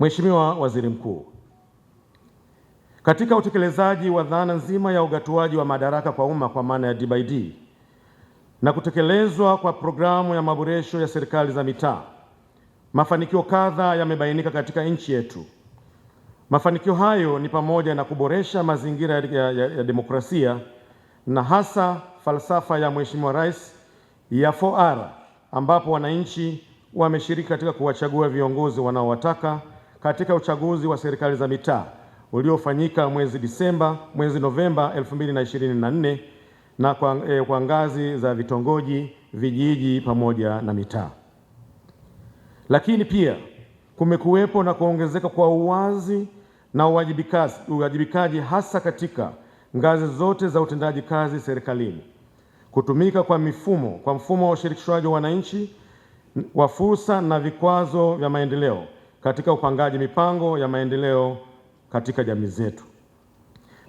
Mheshimiwa Waziri Mkuu, katika utekelezaji wa dhana nzima ya ugatuaji wa madaraka kwa umma kwa maana ya DBD na kutekelezwa kwa programu ya maboresho ya serikali za mitaa, mafanikio kadhaa yamebainika katika nchi yetu. Mafanikio hayo ni pamoja na kuboresha mazingira ya, ya, ya demokrasia na hasa falsafa ya Mheshimiwa Rais ya 4R ambapo wananchi wameshiriki katika kuwachagua viongozi wanaowataka katika uchaguzi wa serikali za mitaa uliofanyika mwezi Disemba, mwezi Novemba 2024 na kwa, e, kwa ngazi za vitongoji, vijiji pamoja na mitaa. Lakini pia kumekuwepo na kuongezeka kwa uwazi na uwajibikaji, uwajibikaji hasa katika ngazi zote za utendaji kazi serikalini, kutumika kwa mifumo kwa mfumo wa ushirikishwaji wa wananchi wa fursa na vikwazo vya maendeleo katika upangaji mipango ya maendeleo katika jamii zetu.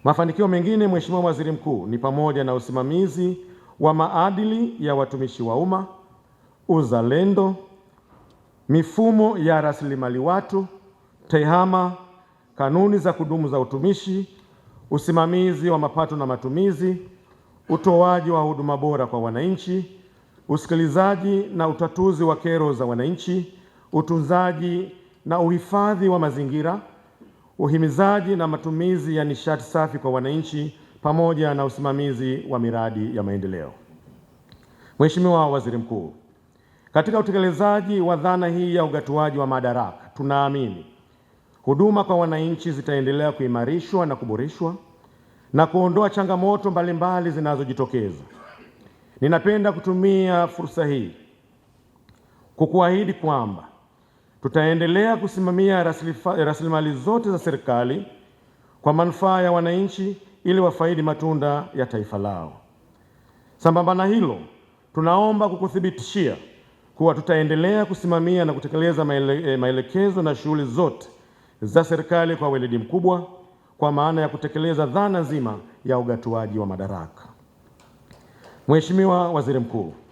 Mafanikio mengine, Mheshimiwa Waziri Mkuu, ni pamoja na usimamizi wa maadili ya watumishi wa umma, uzalendo, mifumo ya rasilimali watu, tehama, kanuni za kudumu za utumishi, usimamizi wa mapato na matumizi, utoaji wa huduma bora kwa wananchi, usikilizaji na utatuzi wa kero za wananchi, utunzaji na uhifadhi wa mazingira, uhimizaji na matumizi ya nishati safi kwa wananchi, pamoja na usimamizi wa miradi ya maendeleo. Mheshimiwa Waziri Mkuu, katika utekelezaji wa dhana hii ya ugatuaji wa madaraka, tunaamini huduma kwa wananchi zitaendelea kuimarishwa na kuboreshwa na kuondoa changamoto mbalimbali zinazojitokeza. Ninapenda kutumia fursa hii kukuahidi kwamba Tutaendelea kusimamia rasilimali zote za serikali kwa manufaa ya wananchi ili wafaidi matunda ya taifa lao. Sambamba na hilo, tunaomba kukuthibitishia kuwa tutaendelea kusimamia na kutekeleza maele, e, maelekezo na shughuli zote za serikali kwa weledi mkubwa kwa maana ya kutekeleza dhana nzima ya ugatuaji wa madaraka. Mheshimiwa Waziri Mkuu,